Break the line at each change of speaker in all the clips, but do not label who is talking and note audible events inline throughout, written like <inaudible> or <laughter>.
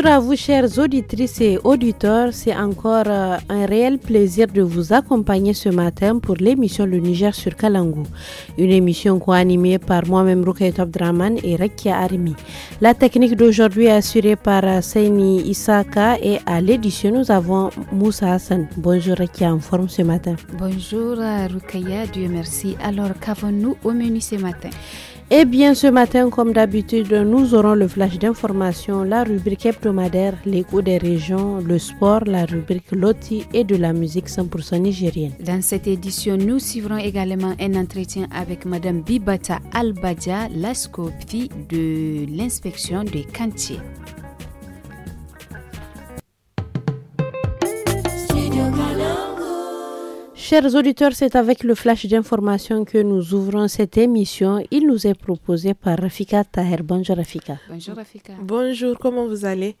Bonjour à vous chers auditrices et auditeurs, c'est encore euh, un réel plaisir de vous accompagner ce matin pour l'émission Le Niger sur Kalangou, une émission co-animée par moi-même Top Draman et Rekia Arimi. La technique d'aujourd'hui est assurée par euh, Saini Isaka et à l'édition nous avons Moussa Hassan. Bonjour Rekia, en forme ce matin.
Bonjour euh, Rukaya, Dieu merci. Alors qu'avons-nous au menu ce matin
et eh bien, ce matin, comme d'habitude, nous aurons le flash d'information, la rubrique hebdomadaire, l'écho des régions, le sport, la rubrique loti et de la musique 100% nigérienne.
Dans cette édition, nous suivrons également un entretien avec Madame Bibata Albadia, la de l'inspection des cantiers.
Chers auditeurs, c'est avec le flash d'information que nous ouvrons cette émission. Il nous est proposé par Rafika Taher. Bonjour Rafika.
Bonjour Rafika. Bonjour, comment vous allez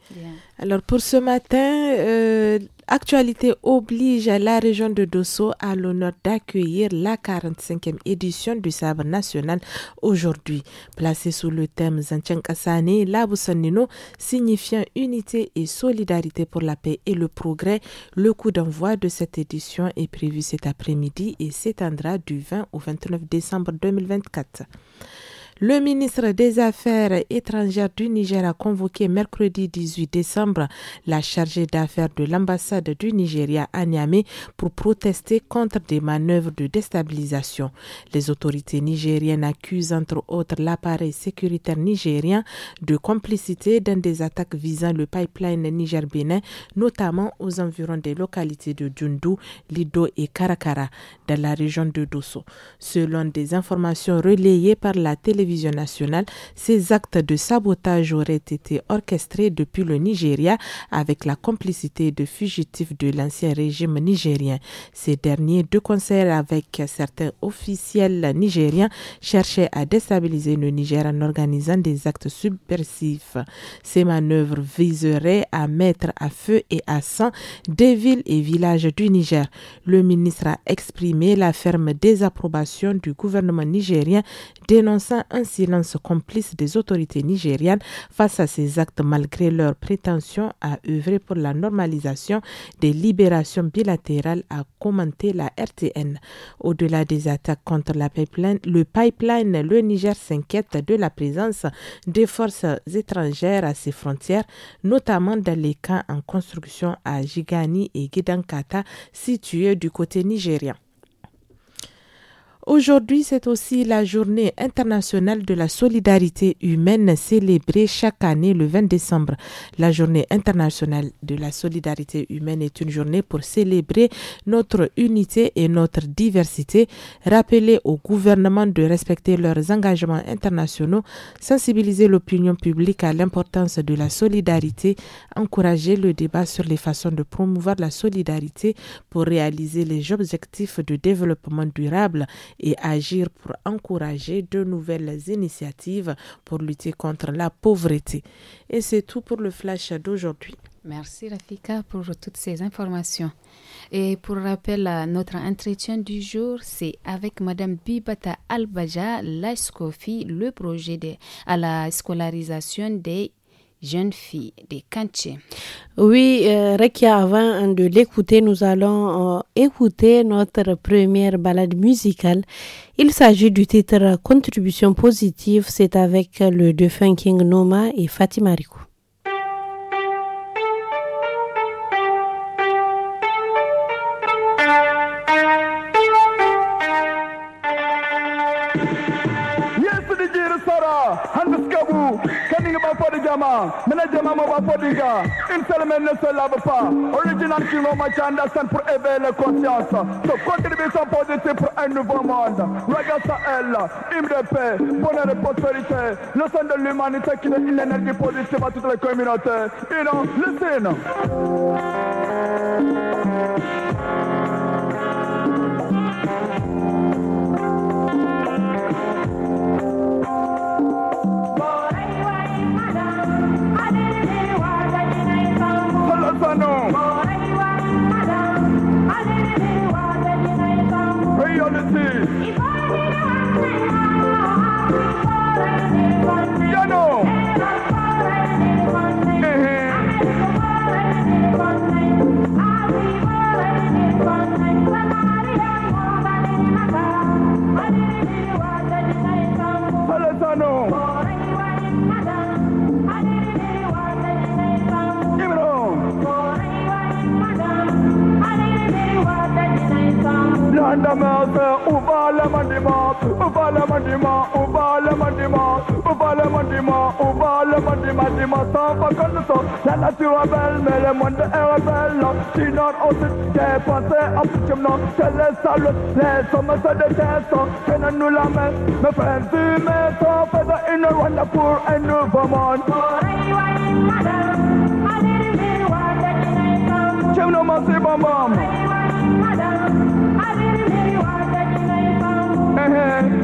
Alors pour ce matin, euh, actualité oblige la région de Dosso à l'honneur d'accueillir la 45e édition du sabre national aujourd'hui. Placée sous le thème Sani, Kassane, Labusanino signifiant unité et solidarité pour la paix et le progrès, le coup d'envoi de cette édition est prévu daprès midi et s'étendra du 20 au 29 décembre 2024. Le ministre des Affaires étrangères du Niger a convoqué mercredi 18 décembre la chargée d'affaires de l'ambassade du Nigeria à Niamey pour protester contre des manœuvres de déstabilisation. Les autorités nigériennes accusent entre autres l'appareil sécuritaire nigérien de complicité dans des attaques visant le pipeline Niger-Bénin, notamment aux environs des localités de Djundou, Lido et Karakara, dans la région de Dosso. Selon des informations relayées par la télévision, télévision nationale, ces actes de sabotage auraient été orchestrés depuis le Nigeria avec la complicité de fugitifs de l'ancien régime nigérien. Ces derniers, de concert avec certains officiels nigériens, cherchaient à déstabiliser le Niger en organisant des actes subversifs. Ces manœuvres viseraient à mettre à feu et à sang des villes et villages du Niger. Le ministre a exprimé la ferme désapprobation du gouvernement nigérien dénonçant un silence complice des autorités nigérianes face à ces actes malgré leur prétention à œuvrer pour la normalisation des libérations bilatérales, a commenté la RTN. Au-delà des attaques contre la le pipeline, le Niger s'inquiète de la présence des forces étrangères à ses frontières, notamment dans les camps en construction à Gigani et Gidankata, situés du côté nigérien. Aujourd'hui, c'est aussi la journée internationale de la solidarité humaine célébrée chaque année le 20 décembre. La journée internationale de la solidarité humaine est une journée pour célébrer notre unité et notre diversité, rappeler au gouvernement de respecter leurs engagements internationaux, sensibiliser l'opinion publique à l'importance de la solidarité, encourager le débat sur les façons de promouvoir la solidarité pour réaliser les objectifs de développement durable et agir pour encourager de nouvelles initiatives pour lutter contre la pauvreté. Et c'est tout pour le flash d'aujourd'hui. Merci Rafika pour toutes
ces informations. Et
pour rappel, euh, notre
entretien du jour, c'est avec Madame Bibata Albaja SCOFI, le projet de, à la scolarisation des jeune fille des Kanché.
Oui, euh, Rekia, avant de l'écouter, nous allons euh, écouter notre première balade musicale. Il s'agit du titre Contribution positive. C'est avec le Defunking Noma et Fatima Rico.
man. jama Original positive nouveau monde. prospérité. Le de l'humanité qui donne une eh? énergie positive à You know, listen. song. Pray on the
Ubala Mandima, Ubala Mandima, Ubala Mandima, Ubala Mandima, Ubala Mandima, Dima, Sapa Kandaso, Lala
Tirabel, Melemon, the Arabella, she not open, Tap, and say, Up to no, tell us, Salut, let's some of the test, can a new lament, the fancy man, top of the inner one, no, Massey Bam Bam. her.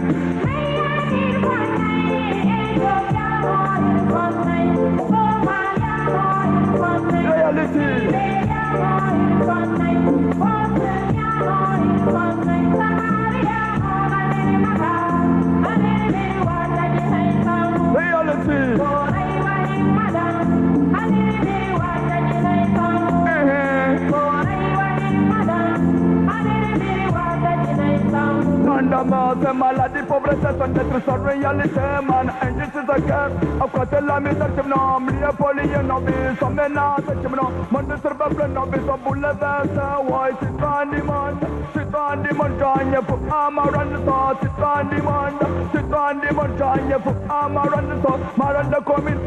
la mort, c'est maladie, pauvreté, the des trésors réalité, eh, man is a game Av kvartella mi saçımla poliyen abi Samena saçımla Mandı sırba plan abi Sabule vese Vay sitvan demand Sitvan demand Canye fuk amaranda Sitvan demand Sitvan demand Canye fuk amaranda Maranda coming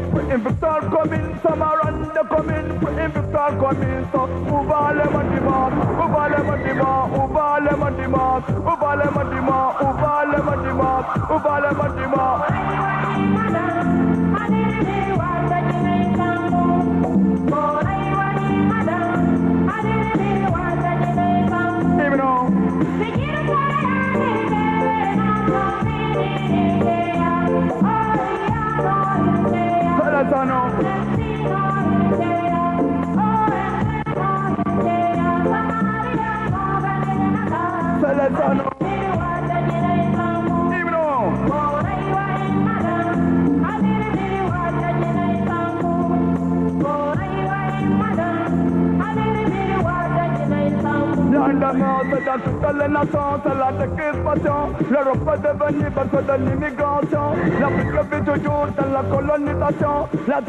Victor coming Samaranda coming Victor coming So Uvale mandimat Uvale mandimat Uvale mandimat Uvale mandimat Uvale mandimat Uvale mandimat Uvale mandimat mother. On pas devenir parce de l'immigration. L'Afrique vit toujours dans la colonisation. La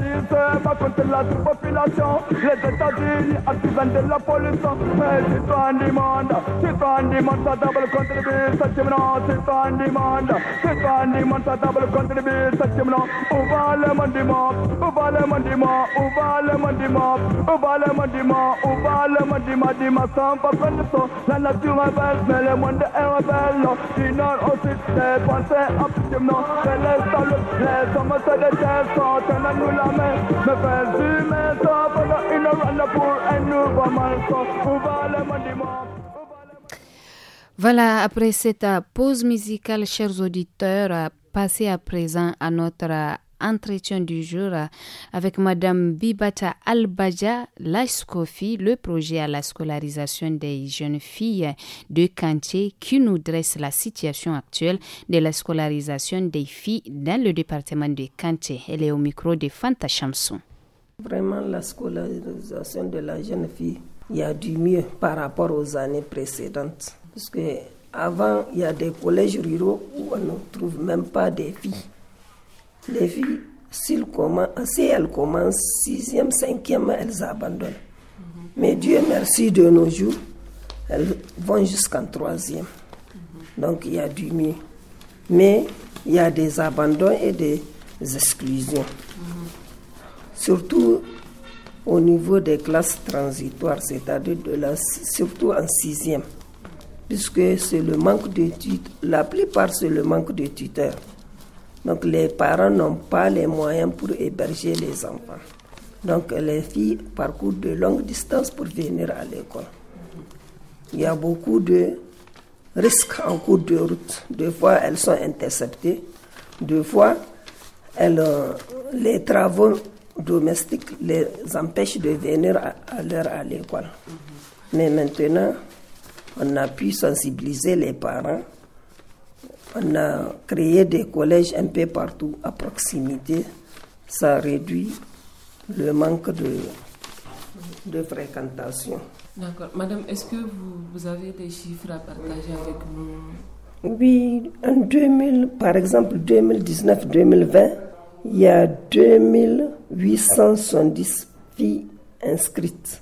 va contre la sous-population. Les États-Unis, artisans de la pollution, mais citoyens du demand, va on demand for double country such Ou on demand, on double
to voilà, après cette pause musicale, chers auditeurs, passez à présent à notre entretien du jour avec Madame Bibata Albaja Laskofi, le projet à la scolarisation des jeunes filles de Kanté qui nous dresse la situation actuelle de la scolarisation des filles dans le département de Kanté. Elle est au micro de Fanta Chamson.
Vraiment, la scolarisation de la jeune fille, il y a du mieux par rapport aux années précédentes. Parce qu'avant, il y a des collèges ruraux où on ne trouve même pas des filles. Les filles, si elles commencent 6e, 5e, elles abandonnent. Mais Dieu merci de nos jours, elles vont jusqu'en 3e. Donc il y a du mieux. Mais il y a des abandons et des exclusions. Surtout au niveau des classes transitoires, c'est-à-dire de la, surtout en 6e puisque c'est le manque de tuteurs. La plupart, c'est le manque de tuteurs. Donc les parents n'ont pas les moyens pour héberger les enfants. Donc les filles parcourent de longues distances pour venir à l'école. Il y a beaucoup de risques en cours de route. Deux fois, elles sont interceptées. Deux fois, elles, euh, les travaux domestiques les empêchent de venir à l'heure à l'école. Mais maintenant, on a pu sensibiliser les parents. On a créé des collèges un peu partout à proximité. Ça réduit le manque de, fréquentation.
D'accord. Madame, est-ce que vous, avez des chiffres à partager avec nous
Oui, en 2000, par exemple 2019-2020, il y a 2870 filles inscrites.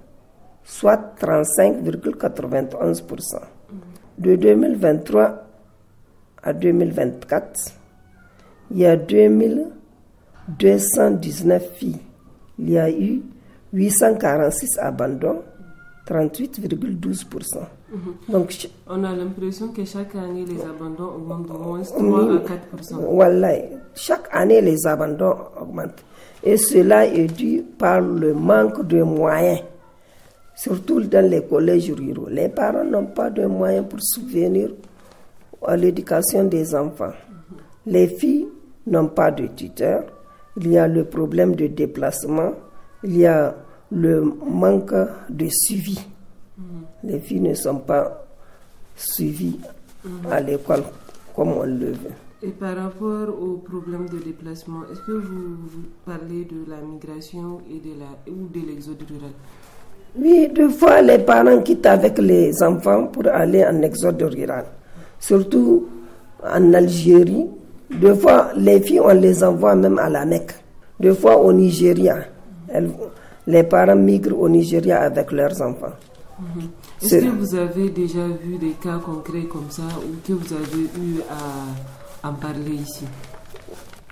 soit 35,91%. De 2023 à 2024, il y a 2219 filles. Il y a eu 846 abandons, 38,12%.
Mhm. Donc, on a l'impression que chaque année, les abandons augmentent de moins 3 à 4%.
Voilà. Chaque année, les abandons augmentent. Et cela est dû par le manque de moyens surtout dans les collèges ruraux. Les parents n'ont pas de moyens pour subvenir à l'éducation des enfants. Les filles n'ont pas de tuteurs, Il y a le problème de déplacement. Il y a le manque de suivi. Les filles ne sont pas suivies à l'école comme on le veut.
Et par rapport au problème de déplacement, est-ce que vous, parlez de la migration et de la, ou de l'exode rural
oui, deux fois, les parents quittent avec les enfants pour aller en exode rural. Surtout en Algérie. Deux fois, les filles, on les envoie même à la Mecque. Deux fois, au Nigeria. les parents migrent au Nigeria avec leurs enfants.
Est-ce que vous avez déjà vu des cas concrets comme ça ou que vous avez eu à en parler ici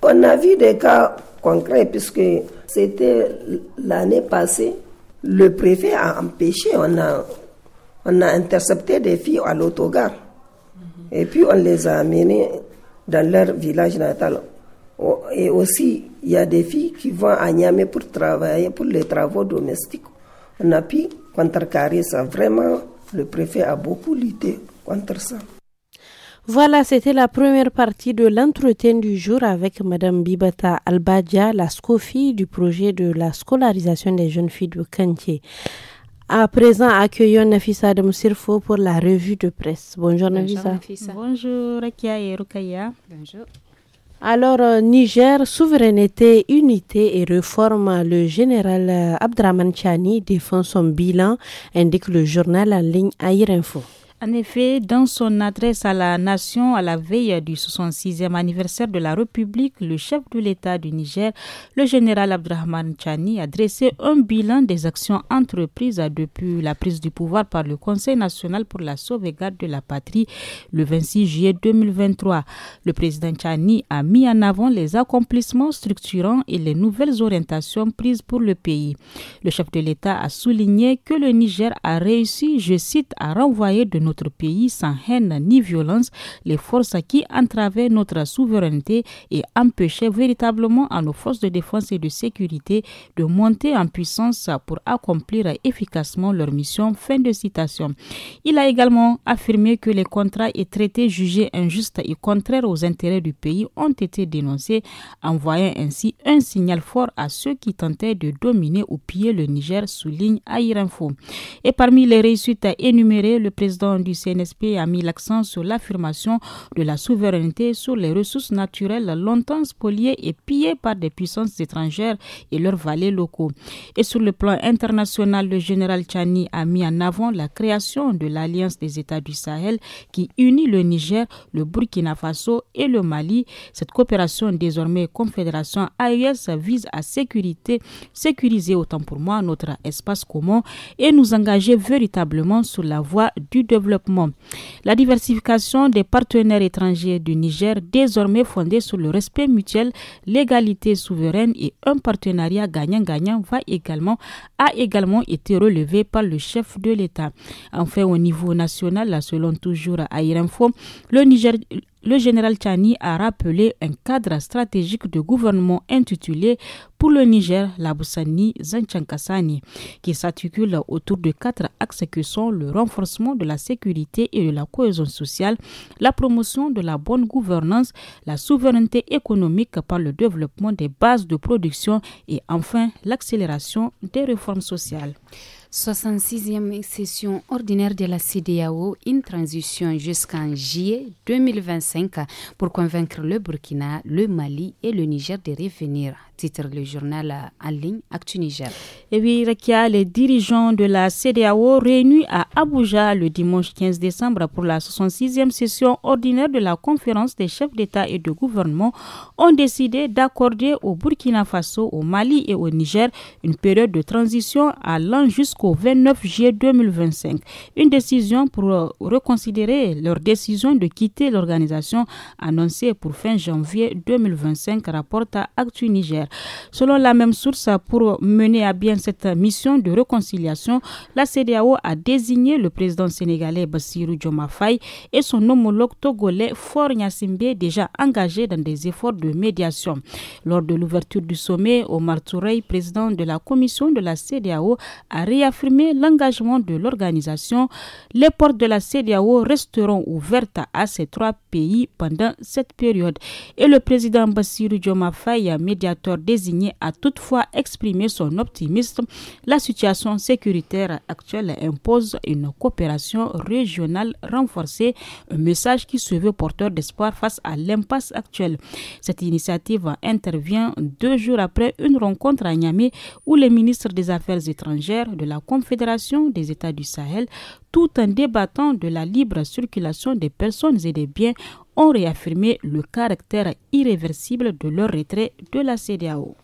On a vu des cas concrets puisque c'était l'année passée le préfet a empêché, on a, on a intercepté des filles à l'autogare. Et puis on les a amenées dans leur village natal. Oh, et aussi, il y a des filles qui vont à Niamey pour travailler, pour les travaux domestiques. On a pu contrecarrer ça. Vraiment, le préfet a beaucoup lutté contre ça.
Voilà, c'était la première partie de l'entretien du jour avec Madame Bibata Albadia, la SCOFI du projet de la scolarisation des jeunes filles de Kantier. À présent, accueillons Nafisa Adam pour la revue de presse. Bonjour, Bonjour
Nafisa. Bonjour Rakia et Rukaya. Bonjour.
Alors, euh, Niger, souveraineté, unité et réforme, le général euh, Abdraman Chani défend son bilan, indique le journal en ligne Air Info.
En effet, dans son adresse à la nation à la veille du 66e anniversaire de la République, le chef de l'État du Niger, le général Abdrahman Chani, a dressé un bilan des actions entreprises depuis la prise du pouvoir par le Conseil national pour la sauvegarde de la patrie le 26 juillet 2023. Le président Chani a mis en avant les accomplissements structurants et les nouvelles orientations prises pour le pays. Le chef de l'État a souligné que le Niger a réussi, je cite, à renvoyer de nos notre pays sans haine ni violence, les forces qui entravaient notre souveraineté et empêchaient véritablement à nos forces de défense et de sécurité de monter en puissance pour accomplir efficacement leur mission. Fin de citation. Il a également affirmé que les contrats et traités jugés injustes et contraires aux intérêts du pays ont été dénoncés, envoyant ainsi un signal fort à ceux qui tentaient de dominer ou piller le Niger, souligne Airinfo. Et parmi les réussites énumérées, le président du CNSP a mis l'accent sur l'affirmation de la souveraineté sur les ressources naturelles longtemps spoliées et pillées par des puissances étrangères et leurs valets locaux. Et sur le plan international, le général Chani a mis en avant la création de l'Alliance des États du Sahel qui unit le Niger, le Burkina Faso et le Mali. Cette coopération, désormais Confédération AES, vise à sécuriser autant pour moi notre espace commun et nous engager véritablement sur la voie du développement la diversification des partenaires étrangers du Niger, désormais fondée sur le respect mutuel, l'égalité souveraine et un partenariat gagnant-gagnant, va également, a également été relevé par le chef de l'État. Enfin, au niveau national, selon toujours Air Info, le Niger le général Chani a rappelé un cadre stratégique de gouvernement intitulé Pour le Niger, la Boussani qui s'articule autour de quatre axes que sont le renforcement de la sécurité et de la cohésion sociale, la promotion de la bonne gouvernance, la souveraineté économique par le développement des bases de production et enfin l'accélération
des réformes sociales. 66e session ordinaire de la CDAO, une transition jusqu'en juillet 2025 pour convaincre le Burkina, le Mali et le Niger de revenir titre le journal euh, en ligne Actu Niger.
Et oui, Rekia, les dirigeants de la CDAO réunis à Abuja le dimanche 15 décembre pour la 66e session ordinaire de la conférence des chefs d'État et de gouvernement ont décidé d'accorder au Burkina Faso, au Mali et au Niger une période de transition allant jusqu'au 29 juillet 2025. Une décision pour euh, reconsidérer leur décision de quitter l'organisation annoncée pour fin janvier 2025, rapporte à Actu Niger. Selon la même source, pour mener à bien cette mission de réconciliation, la CDAO a désigné le président sénégalais Bassirou Diomafaye et son homologue togolais Faure Gnassingbé, déjà engagés dans des efforts de médiation. Lors de l'ouverture du sommet, Omar Touré, président de la commission de la CDAO, a réaffirmé l'engagement de l'organisation. Les portes de la CDAO resteront ouvertes à ces trois pays pendant cette période. Et le président Bassirou Diomafaye, médiateur désigné a toutefois exprimé son optimisme. La situation sécuritaire actuelle impose une coopération régionale renforcée, un message qui se veut porteur d'espoir face à l'impasse actuelle. Cette initiative intervient deux jours après une rencontre à Niamey où les ministres des Affaires étrangères de la Confédération des États du Sahel, tout en débattant de la libre circulation des personnes et des biens, ont réaffirmé le caractère
irréversible de leur retrait de la CDAO.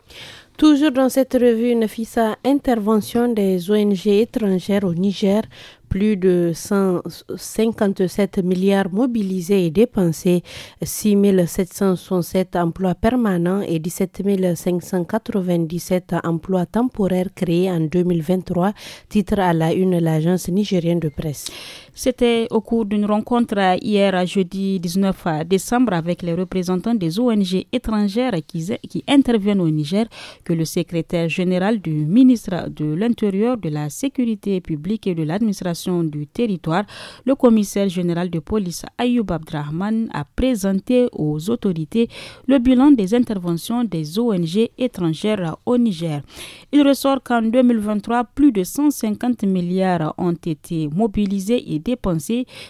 Toujours dans cette revue, Nafisa, intervention des ONG étrangères au Niger, plus de 157 milliards mobilisés et dépensés, 6 767 emplois permanents et 17 597 emplois temporaires créés en 2023, titre à la une l'agence nigérienne de presse. C'était
au cours d'une rencontre hier à jeudi 19 décembre avec les représentants des ONG étrangères qui, qui interviennent au Niger que le secrétaire général du ministre de l'Intérieur, de la Sécurité publique et de l'administration du territoire, le commissaire général de police Ayub Abdrahman, a présenté aux autorités le bilan des interventions des ONG étrangères au Niger. Il ressort qu'en 2023, plus de 150 milliards ont été mobilisés et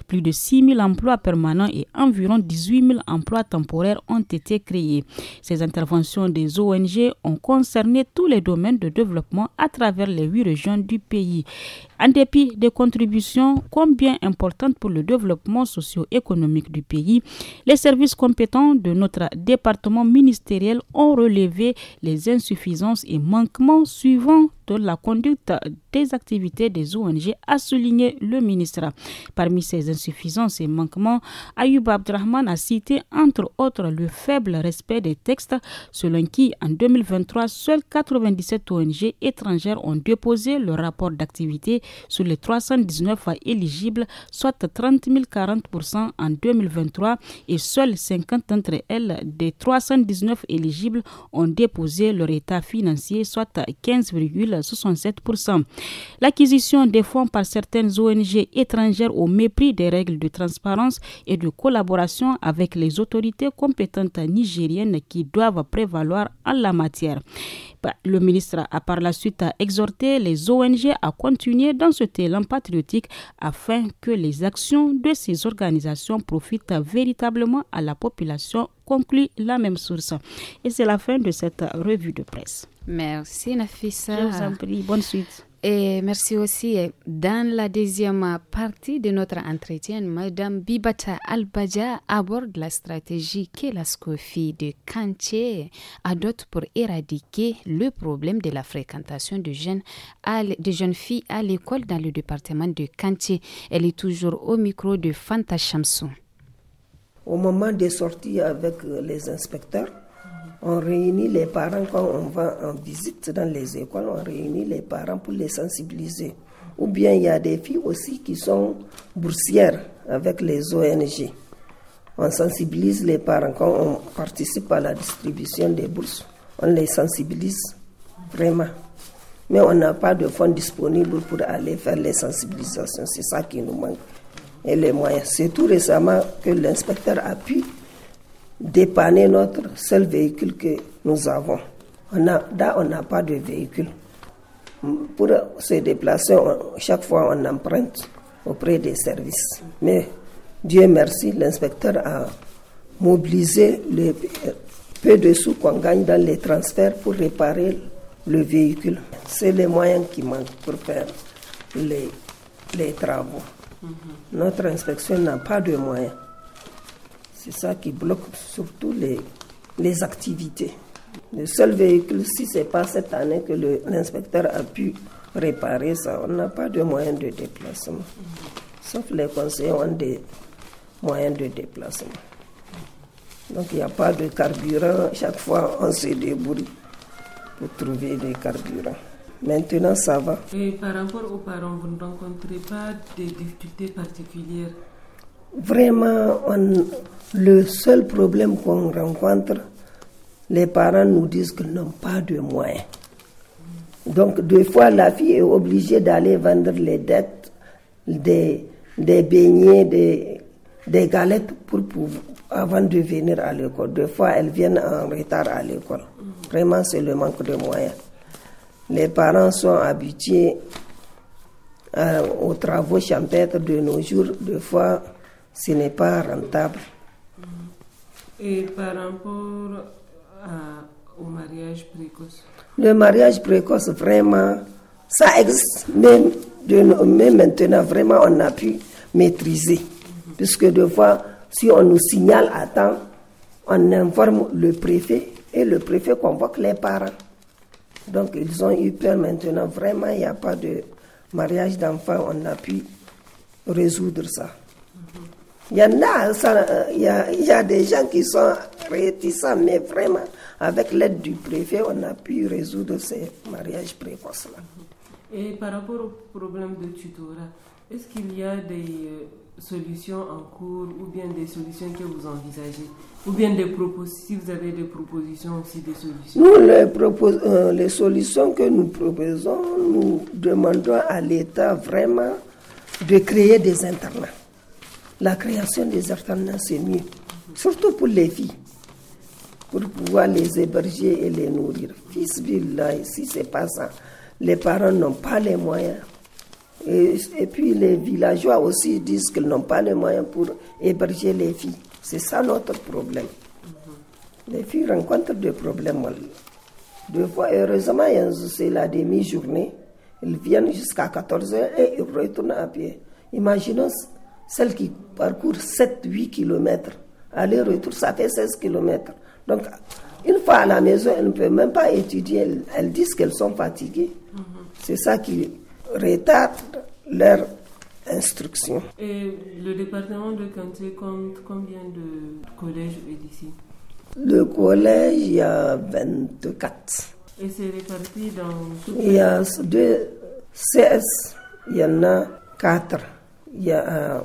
plus de 6 000 emplois permanents et environ 18 000 emplois temporaires ont été créés. Ces interventions des ONG ont concerné tous les domaines de développement à travers les huit régions du pays. En dépit des contributions combien importantes pour le développement socio-économique du pays, les services compétents de notre département ministériel ont relevé les insuffisances et manquements suivants de la conduite des activités des ONG, a souligné le ministre. Parmi ces insuffisances et manquements, Ayub Abdrahman a cité entre autres le faible respect des textes, selon qui en 2023, seules 97 ONG étrangères ont déposé le rapport d'activité sur les 319 éligibles, soit 30 040% en 2023 et seules 50 d'entre elles des 319 éligibles ont déposé leur état financier, soit 15,67%. L'acquisition des fonds par certaines ONG étrangères au mépris des règles de transparence et de collaboration avec les autorités compétentes nigériennes qui doivent prévaloir en la matière. Le ministre a par la suite exhorté les ONG à continuer dans ce élan patriotique afin que les actions de ces organisations profitent véritablement à la population, conclut la même source. Et c'est la fin de cette revue de presse.
Merci Nafisa. Je vous en prie. Bonne suite merci aussi. Euh, dans la deuxième partie de notre entretien, Madame Bibata Albaja aborde la stratégie que la SCOFI de Kanté adopte pour éradiquer le problème de la fréquentation de jeunes, filles à l'école dans le département de Kanté. Elle est toujours au micro de Fanta Chamsou.
Au moment des sorties avec euh, les inspecteurs, on réunit les parents quand on va en visite dans les écoles, on réunit les parents pour les sensibiliser. Ou bien il y a des filles aussi qui sont boursières avec les ONG. On sensibilise les parents quand on participe à la distribution des bourses. On les sensibilise vraiment. Mais on n'a pas de fonds disponibles pour aller faire les sensibilisations. C'est ça qui nous manque. Et les moyens. C'est tout récemment que l'inspecteur a pu dépanner notre seul véhicule que nous avons. On a, là, on n'a pas de véhicule. Pour se déplacer, chaque fois, on emprunte auprès des services. Mais Dieu merci, l'inspecteur a mobilisé le euh, peu de sous qu'on gagne dans les transferts pour réparer le véhicule. C'est les moyens qui manquent pour faire les, les travaux. Mhm. Notre inspection n'a pas de moyens. C'est ça qui bloque surtout les, les activités. Le seul véhicule, si ce n'est pas cette année que l'inspecteur a pu réparer ça, on n'a pas de moyens de déplacement. Sauf les conseillers ont des moyens de déplacement. Donc il n'y a pas de carburant. Chaque fois, on se débrouille pour trouver des carburants. Maintenant, ça va.
Et par rapport aux parents, vous ne rencontrez pas de difficultés particulières
Vraiment, le seul problème qu'on rencontre, les parents nous disent qu'ils n'ont pas de moyens. Donc, des fois, la fille est obligée d'aller vendre les dettes, des, des beignets, des, des galettes pour, pour avant de venir à l'école. Des fois, elles viennent en retard à l'école. Vraiment, c'est le manque de moyens. Les parents sont habitués euh, aux travaux champêtres de nos jours. Des fois, ce n'est pas rentable.
Et par rapport au
mariage précoce Le mariage précoce, vraiment, ça existe, Mais de, maintenant, vraiment, on a pu maîtriser. Puisque de fois, si on nous signale à temps, on informe le préfet et le préfet convoque les parents. Donc, ils ont eu peur maintenant. Vraiment, il n'y a pas de mariage d'enfants. On a pu résoudre ça. Il y en a, il y, a des gens qui sont réticents, mais vraiment, avec l'aide du préfet, on a pu résoudre ces mariages précoce là
Et par rapport au problème de tutorat, est-ce qu'il y a des euh, solutions en cours ou bien des solutions que vous envisagez Ou bien des propositions, si vous avez des propositions aussi, des solutions
Nous, les, euh, les solutions que nous proposons, nous demandons à l'État vraiment de créer des internats la création des alternances, c'est mieux, surtout pour les filles, pour pouvoir les héberger et les nourrir. Fils là, si c'est pas ça, les parents n'ont pas les moyens. Et, puis les villageois aussi disent qu'ils n'ont pas les moyens pour héberger les filles. C'est ça notre problème. Les filles rencontrent des problèmes. Deux fois, heureusement, hein, c'est la demi-journée. Ils viennent jusqu'à 14h et ils retournent à pied. Imaginons celles qui parcours 7-8 km. Aller-retour, ça fait 16 km. Donc, une fois à la maison, elles ne peuvent même pas étudier. Elles, disent qu'elles sont fatiguées. Mhm. C'est ça qui retarde leur instruction.
Et le département de Kanté compte combien de collèges d'ici
Le collège, il y a 24.
Et c'est réparti dans Il y a
deux CS, il y en a 4. Il y a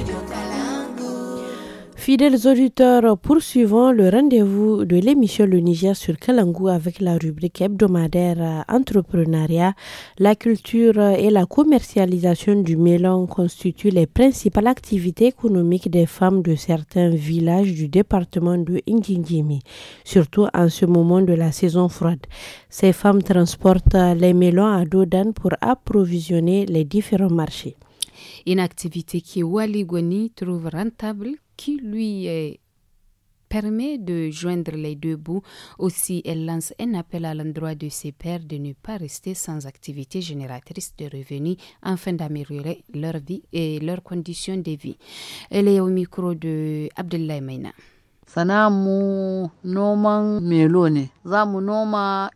Fidèles auditeurs, poursuivons le rendez-vous de l'émission Le Niger sur Kalangou avec la rubrique hebdomadaire Entrepreneuriat. La culture et la commercialisation du melon constituent les principales activités économiques des femmes de certains villages du département de Ndjindjimi, surtout en ce moment de la saison froide. Ces femmes transportent les mélons à Dodan pour approvisionner les différents marchés.
Une activité qui, Waligoni trouve rentable, qui lui permet de joindre les deux bouts. Aussi, elle lance un appel à l'endroit de ses pères de ne pas rester sans activité génératrice de revenus afin d'améliorer leur vie et leurs conditions de vie. Elle est au micro de Abdullah Maina. Sanamu
noman melone. noma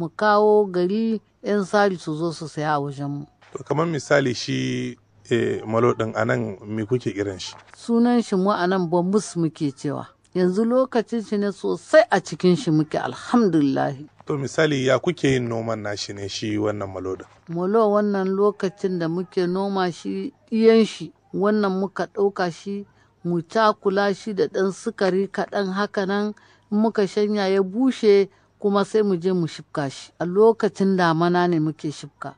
mu kawo gari 'yan sari su zo su saya a wajenmu.
To kamar misali shi e, malo ɗin anan me kuke irin shi?
Sunan shi mu nan bambus muke cewa. Yanzu lokacin shi ne sosai a cikin shi muke alhamdulillah.
To misali ya kuke yin noman nashi ne shi wannan malo ɗin?
Malo wannan lokacin da muke noma shi iyan shi wannan muka ɗauka shi mu cakula shi da ɗan sukari kaɗan haka nan muka shanya ya bushe kuma sai mu je mu shifka shi a lokacin damana ne muke shifka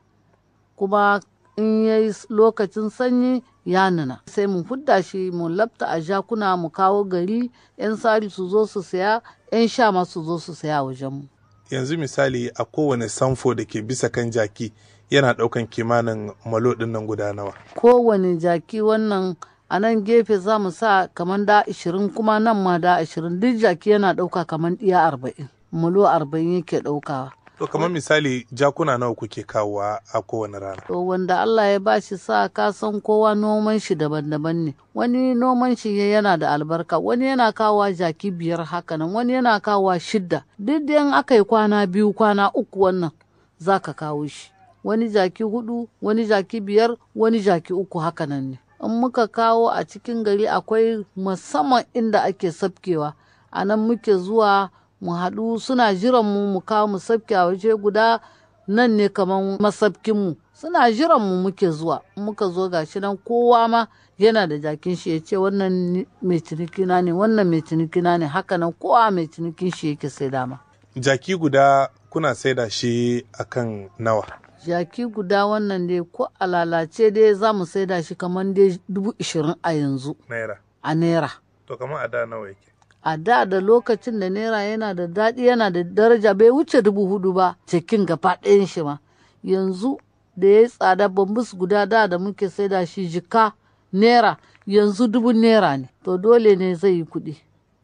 kuma in ya yi lokacin sanyi ya nuna sai mu hudda shi mu labta a jakuna mu kawo gari 'yan sari su zo su saya 'yan sha ma su zo su saya wajenmu
yanzu misali a kowane samfo da ke bisa kan jaki yana ɗaukan kimanin malo nan guda nawa
kowane jaki wannan a nan gefe za mu sa kamar da 20 kuma nan ma da 20 duk jaki yana ɗauka kamar ɗiya arba'in. mulo arba'in yake ɗaukawa.
To kamar misali jakuna nawa kuke kawowa a kowane rana?
To wanda Allah ya ba shi sa ka san kowa noman shi daban-daban ne. Wani noman shi yana da albarka, wani yana kawowa jaki biyar hakanan, wani yana kawowa shidda. Duk da in aka yi kwana biyu kwana uku wannan za ka kawo shi. Wani jaki hudu, wani jaki biyar, wani jaki uku hakanan ne. In muka kawo a cikin gari akwai musamman inda ake sabkewa, a nan muke zuwa mu haɗu suna jiran mu mu kawo mu sabki a waje guda nan ne kamar masabkin mu suna jiran mu muke zuwa muka zo gashi nan kowa ma yana da jakin shi ya ce wannan mai cinikina ne wannan mai cinikina ne haka nan kowa mai cinikin shi yake sai dama
jaki guda kuna saida shi akan nawa
jaki guda wannan dai ko a lalace dai za mu saida shi kamar dai dubu ishirin a yanzu naira a naira
to kamar a da nawa yake
a da da lokacin da naira yana da daɗi yana da daraja bai wuce dubu hudu ba cikin gaba ɗayan shi ma yanzu da ya yi tsada bambus guda da da muke saida shi jika naira yanzu dubu naira ne to dole ne zai yi kuɗi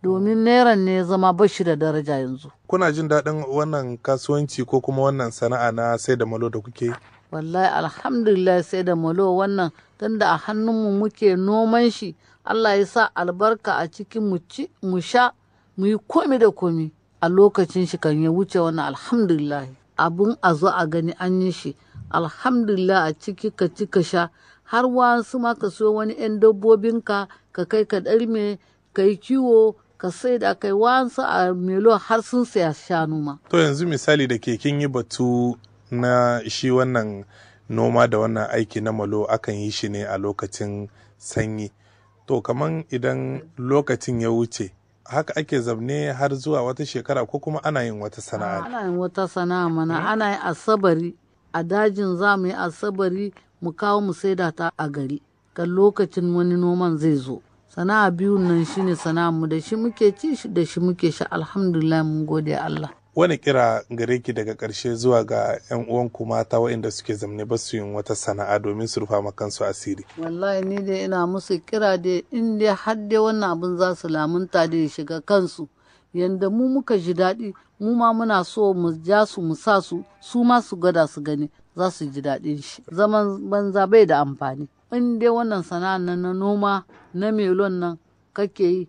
domin naira ne zama bashi da daraja yanzu kuna jin
daɗin wannan kasuwanci ko kuma wannan sana'a na sai da malo da kuke
wallahi alhamdulillah sai da malo wannan tunda a hannunmu muke noman shi Allah ya sa albarka a cikin mu ci mu sha mu yi komi da komi a lokacin shi kan ya wuce wani alhamdulillah abun a zo a gani an yi shi alhamdulillah a ciki ka ci ka sha har wasu ma ka so wani 'yan dabbobinka ka kai ka ɗarme ka yi kiwo ka sai da kai wasu a melo har sun saya shanu ma.
To yanzu misali da ke kin yi batu na shi wannan noma da wannan aiki na malo akan yi shi ne a lokacin sanyi. to kaman idan lokacin ya wuce haka ake zaune har zuwa wata shekara ko kuma ana yin wata sana'a ana
yin wata sana'a mana eh? ana yin asabari a dajin za mu yi asabari mu kawo mu saida ta a gari ka lokacin wani noman zai zo sana'a biyun nan shine sana'a mu da shi muke ci da shi muke sha alhamdulillah mun gode Allah
wani kira gare ki daga ƙarshe zuwa ga 'yan uwanku mata waɗanda suke zamne ba su yin wata sana'a domin su rufa ma kansu asiri
wallahi ni dai ina musu kira dai in dai har dai wannan abin za su lamunta da shiga kansu yanda mu muka ji daɗi mu ma muna so mu ja su mu sa su su ma su gada su gani za su ji daɗin shi zaman banza bai da amfani in dai wannan sana'a na noma na melon nan kake yi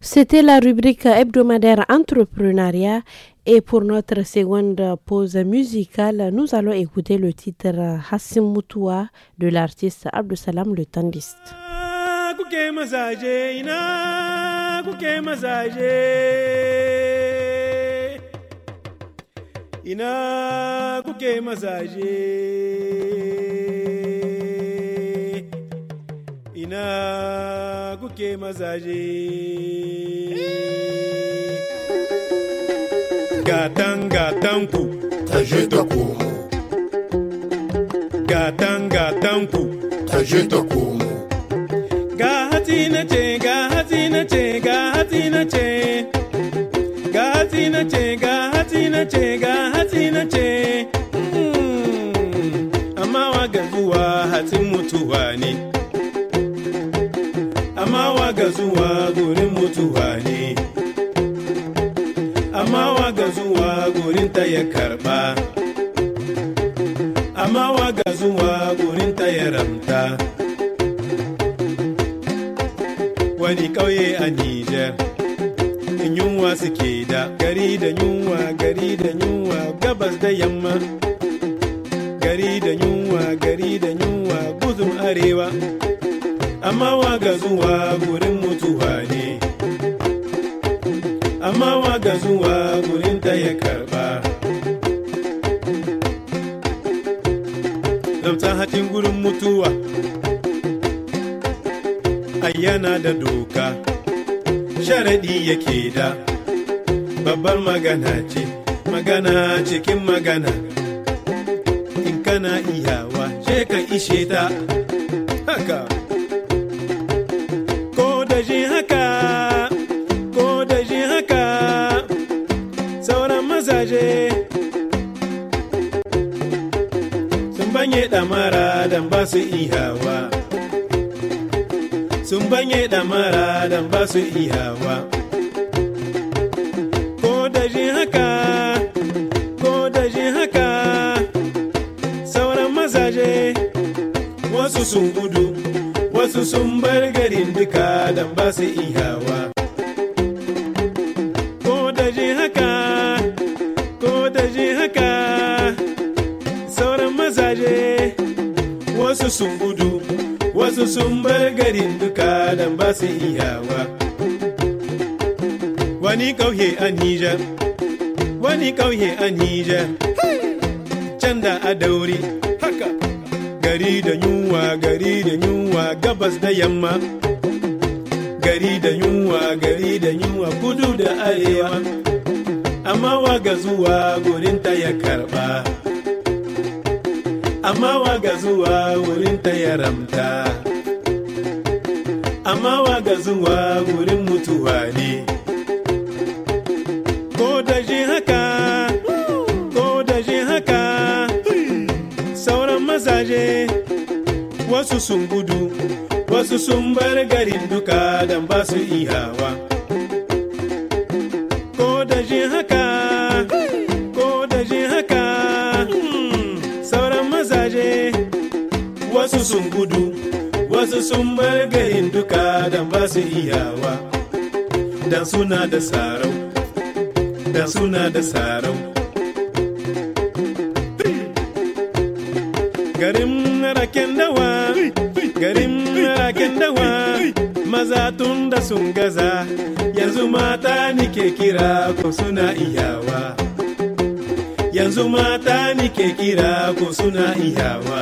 C'était la rubrique hebdomadaire entrepreneuriat et pour notre seconde pause musicale, nous allons écouter le titre Hassim Moutoua de l'artiste Salam le
Tandiste. ina kuke mazaje gatan gatan ku ta je ta komo gatan gatan ku ta je ta komo ga hatsi na ce ga hatsi na ce ga hatsi na ce ga hatsi na ce ga hatsi na ce ga hatsi na ce hmm. amma wa zuwa hatin mutuwa ne zuwa gurin mutuwa ne amma waga zuwa gurin ta ya karba amma waga zuwa gurin ta ya ramta wani ƙauye a Nijar. In yunwa suke da gari da yunwa gari da yunwa gabas da yamma amma waga zuwa gurin mutuwa ne amma waga zuwa gurin da ya karba zamtan hatin gurin mutuwa ayyana da doka sharaɗi yake da babbar magana ce magana cikin magana in kana iyawa ce ka ishe ta mazaje sun banye damara dan ba su ihawa sun banye damara dan ba su ihawa ko da shi haka ko da shi haka sauran mazaje wasu sun gudu wasu sun bar garin duka dan ba su ihawa sun gudu wasu sun bar garin duka dan ba su iyawa wani ƙauye a Nija, wani ƙauye a Nija, can da a daure haka gari da yunwa gari da yunwa gabas da yamma gari da yunwa gari da yunwa kudu da arewa amma wa ga zuwa gurinta ya karɓa. amma waga zuwa wurin ta yaramta amma waga zuwa wurin mutuwa ne ko da shi haka ko da shi haka sauran mazaje wasu sun gudu wasu sun bar garin duka don ba su iyawa gudu wasu sun bar garin duka dan ba su iyawa dan suna da sarau dan suna da sarau garin raken dawa garin raken dawa maza tun da sun gaza yanzu mata nike kira ko suna iyawa yanzu mata nike kira ko suna iyawa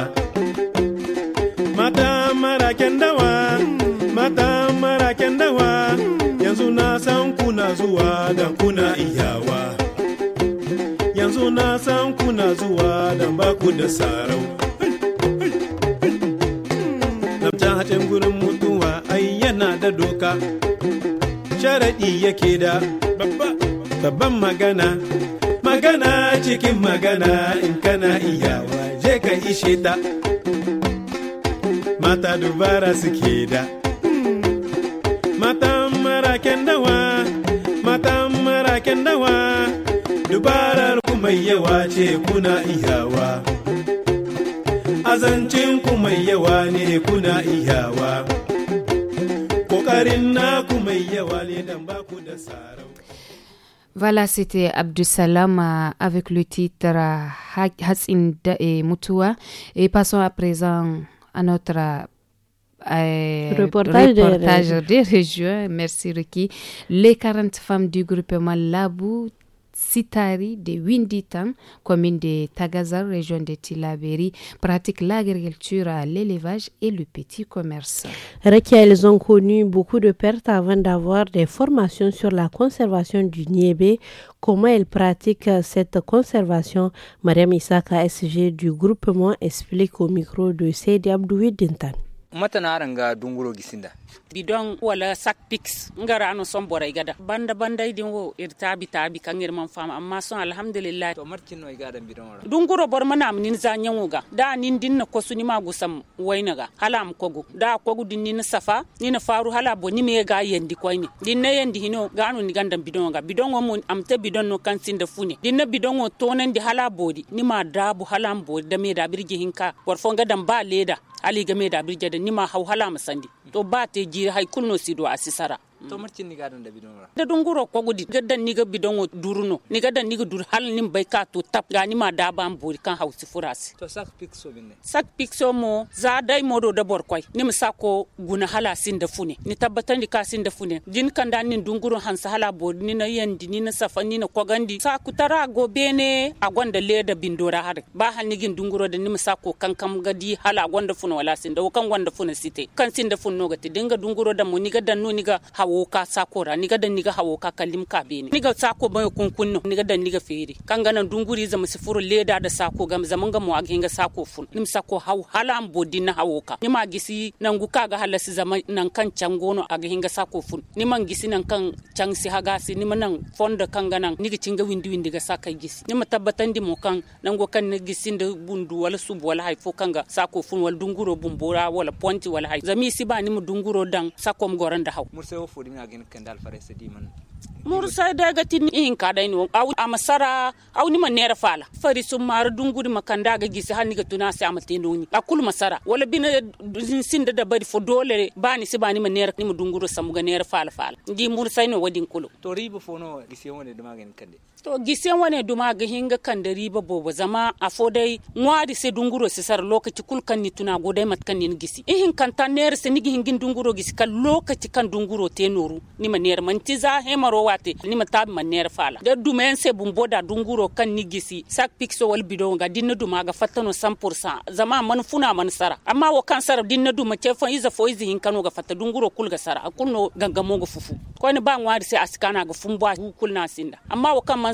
zuwa dan kuna iyawa yanzu na san kuna zuwa dan ba ku da sarau lamta hatin gurin mutuwa ai yana da doka sharaɗi yake da babban magana magana cikin magana in kana iyawa je ka ishe ta mata dubara suke da
Voilà, c'était Abdusalam euh, avec le titre euh, Hatsin et Mutua. Et passons à présent à notre euh, reportage, reportage des, régions. Merci, Ricky. Les 40 femmes du groupement Labou Sitari de Winditam, commune de Tagazar, région de Tilaberi, pratique l'agriculture, l'élevage et le petit commerce.
Rekia, elles ont
connu beaucoup de pertes avant d'avoir des formations sur la conservation
du niébé. Comment elles pratiquent cette conservation Mariam Isaka, SG du groupement, explique au micro de Seydi Abdouid Dintan.
bidon wala sac pix ngara no son borai gada banda banda idin wo irtabi tabi kan irman fama amma son alhamdulillah to marcin no igada bidon dun guro bor mana amnin zanyan wuga da nin din na kosu ni ma sam waina ga hala am kogu da kogu din nin safa ni na faru hala bo ni me ga yendi koini din na yendi hino ga anu ni ganda bidon ga bidon wo mun te bidon no kan sin da fune din na bidon wo tonen di hala bodi ni ma dabu hala am bodi da me da birgi hinka ga dan ba leda ali game da birgi da ni ma hau hala masandi to ba te ji haikulno sido a sisara
to ci ni gadon da bidon ra
da dunguro ko gudi ga dan ni ga bidon o duruno ni ga dan ni ga dur hal nim bai ka to tap ga ni ma da ban buri kan hausi furasi to sak pixo binne sak pixo mo za dai modo da bor koy nim sako guna hala sin da fune ni tabbatan ni ka sin da fune din kan dan ni dunguro sa hala bori ni na yandi ni na safa ni na kogandi sa tara go bene a gwanda leda bindora har ba hal ni gin dunguro da ni sako kan kam gadi hala gonda fune wala sin da kan gonda fune site kan sin da fune no ga ti dinga dunguro da mo ni ga dan no ni ga hawo hawo ka sakora niga da niga hawo ka kalim ka bene niga sako bai kunkunno niga da niga kan kangana dunguri zama sifuru leda da sako gam zaman ga mu agenga sako fun nim sako haw halam bodi na hawo ka nima gisi nan guka ga halasi zama nan kan cangono agenga sako fun niman gisi nan kan can si hagasi ni nan fonda kangana niga cinga windi windi ga saka gisi nima tabbatan di mo kan nan go kan gisi da bundu wala sub wala hay fo kanga sako fun wala dunguro bumbura wala ponti wala hay zami si ba mu dunguro dan sakom goran da haw kodi mina gin kendal farese di man mursa daga tin in ka dai awu a masara awu ni man nera fala fari sumar dungudi makanda ga gisi hanni ga tuna sai amate noni akul masara wala bina sin da da bari fo dole ba ni si ni man nera ni mu dunguro samu ga nera fala fala ngi mursa no wadin kulu
to ribu fo no gisi wonde da magin kande
to gise wane duma ga hinga kan da riba bobo zama a fodai ngwadi se dunguro se sar lokaci kulkan ni tuna godai matkan ni gisi ihin kan ta ner se nigi hingin dunguro gisi kan lokaci kan dunguro te noru ni ma ner mantiza he maro wate ni ma tabi ma ner fala da dumen se bumboda dunguro kan ni gisi sak pikso wal bidon ga dinna duma ga fatano 100% zama man funa man sara amma wo kan sara dinna duma ce fa iza fo izi kanu ga fatta dunguro kul ga sara no gangamo ga fufu ko ni ba ngwadi se askana ga fumbo kulna sinda amma wo kan man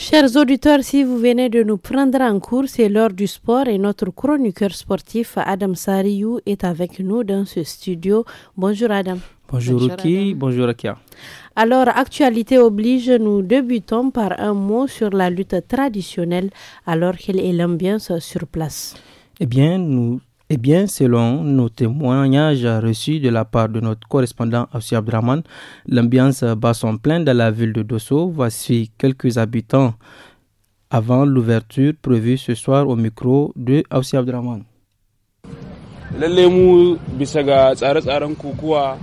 Chers auditeurs, si vous venez de nous prendre en cours, c'est l'heure du sport et notre chroniqueur sportif Adam Sariou est avec nous dans ce studio. Bonjour Adam. Bonjour, bonjour Akia. Alors, actualité oblige, nous débutons par un mot sur la lutte traditionnelle alors qu'elle est l'ambiance sur place.
Eh bien, nous eh bien, selon nos témoignages reçus de la part de notre correspondant Afsi Abdraman, l'ambiance bat son plein dans la ville de Dosso. Voici quelques habitants avant l'ouverture prévue ce soir au micro de Afsi Abdraman.
lalle
bisa ga tsare-tsaren kokowa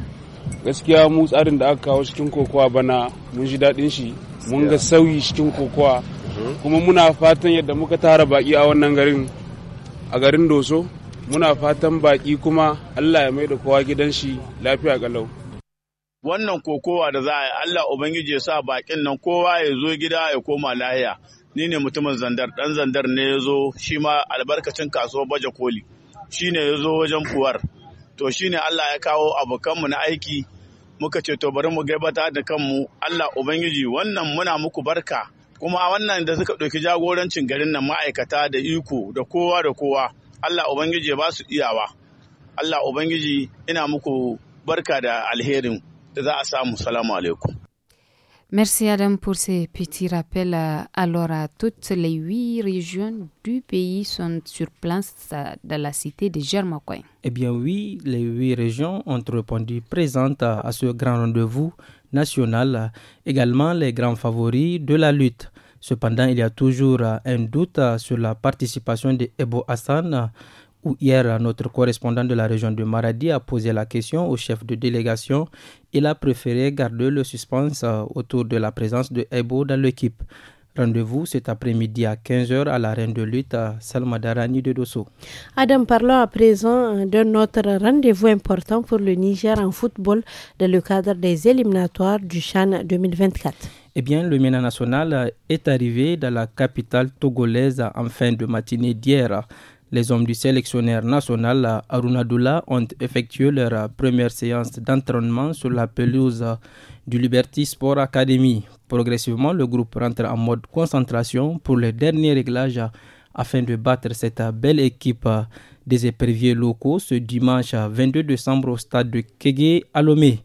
gaskiya mu tsarin da aka kawo cikin kokowa bana mun ji daɗin shi mun ga sauyi cikin kokowa hmm. kuma muna fatan yadda muka tara baƙi a wannan garin a garin doso muna fatan baƙi kuma allah ya mai da kowa gidan shi
lafiya galau wannan kokowa da za a yi allah ubangiji ya sa baƙin nan kowa ya zo gida ya koma lahiya ni ne mutumin zandar ɗan zandar ne ya zo shi ma albarkacin kasuwar baje koli shi ne ya zo wajen kuwar to shi ne allah ya kawo abokanmu na aiki muka ce to bari mu gaibata da kanmu allah ubangiji wannan muna muku barka kuma wannan da suka ɗauki jagorancin garin nan ma'aikata da iko da kowa da kowa
Merci Adam pour ces petits rappels. Alors, toutes les huit régions du pays sont sur place dans la cité de Germacoin.
Eh bien oui, les huit régions ont répondu présentes à ce grand rendez-vous national. Également les grands favoris de la lutte. Cependant, il y a toujours euh, un doute euh, sur la participation de Ebo Hassan, euh, où hier notre correspondant de la région de Maradi a posé la question au chef de délégation. Il a préféré garder le suspense autour de la présence de Ebo dans l'équipe. Rendez-vous cet après-midi à 15h à l'Arène de lutte à Salma Darani de Dosso.
Adam, parlons à présent euh, d'un autre rendez-vous important pour le Niger en football dans le cadre des éliminatoires du Chan
2024. Eh bien, le MENA national est arrivé dans la capitale togolaise en fin de matinée d'hier. Les hommes du sélectionnaire national euh, Aruna ont effectué leur euh, première séance d'entraînement sur la pelouse euh, du Liberty Sport Academy. Progressivement, le groupe rentre en mode concentration pour les derniers réglages afin de battre cette belle équipe des éperviers locaux ce dimanche 22 décembre au stade de Kege Alomé.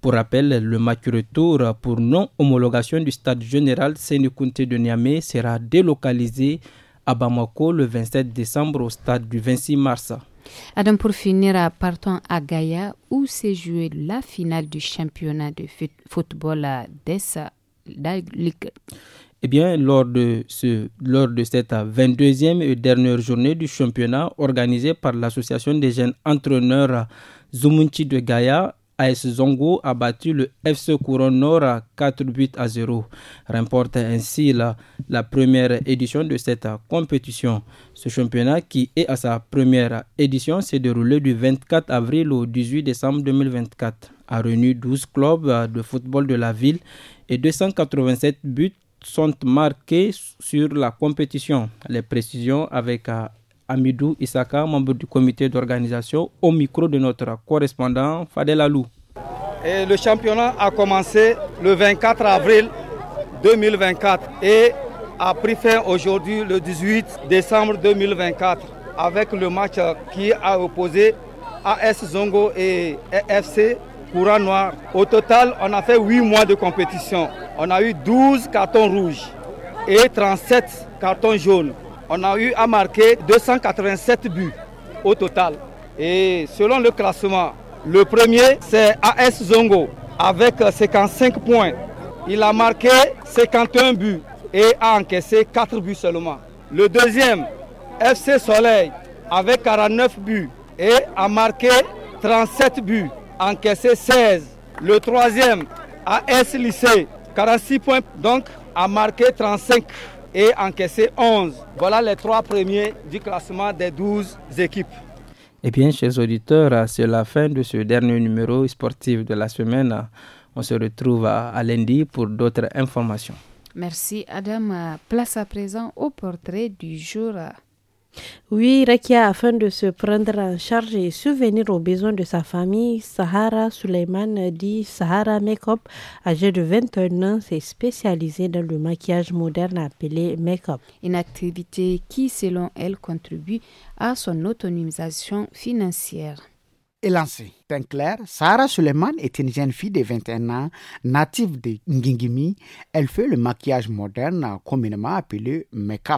Pour rappel, le match retour pour non-homologation du stade général Sénécounté de Niamey sera délocalisé à Bamako le 27 décembre au stade du 26 mars.
Adam, ah, pour finir, euh, partons à Gaïa où s'est jouée la finale du championnat de football à euh, d'Essa. Euh,
eh bien, lors de, ce, lors de cette 22e et dernière journée du championnat organisée par l'Association des jeunes entraîneurs Zumunchi de Gaïa, AS Zongo a battu le FC couronne Nord à 4 buts à 0, remportant ainsi la, première édition de cette compétition. Ce championnat, qui est à sa première édition, s'est déroulé du 24 avril au 18 décembre 2024, a réuni 12 clubs de football de la ville et 287 buts sont marqués sur la compétition. Les précisions avec euh, Amidou Isaka, membre du comité d'organisation, au micro de notre correspondant Fadel Alou.
le championnat a commencé le 24 avril 2024 et a pris fin aujourd'hui le 18 décembre 2024 avec le match qui a opposé AS Zongo et FC Courant Noir. Au total, on a fait 8 mois de compétition. On a eu 12 cartons rouges et 37 cartons jaunes on a eu à marquer 287 buts au total. Et selon le classement, le premier c'est AS Zongo avec 55 points. Il a marqué 51 buts et a encaissé 4 buts seulement. Le deuxième, FC Soleil avec 49 buts et a marqué 37 buts, encaissé 16. Le troisième, AS Lycée, 46 points donc a marqué 35 et encaissé 11. Voilà les trois premiers du classement des 12 équipes.
Eh bien, chers auditeurs, c'est la fin de ce dernier numéro sportif de la semaine. On se retrouve à, à lundi pour d'autres informations.
Merci Adam. Place à présent au portrait du jour.
Oui, Rekia, afin de se prendre en charge et souvenir aux besoins de sa famille, Sahara Suleiman, dit Sahara Makeup, âgée de 21
ans, s'est spécialisée dans le maquillage moderne appelé make-up. Une activité qui, selon elle, contribue à son autonomisation financière.
Élancée. En clair, Sahara Suleiman est une jeune fille de 21 ans, native de Ngingimi. Elle fait le maquillage moderne, communément appelé make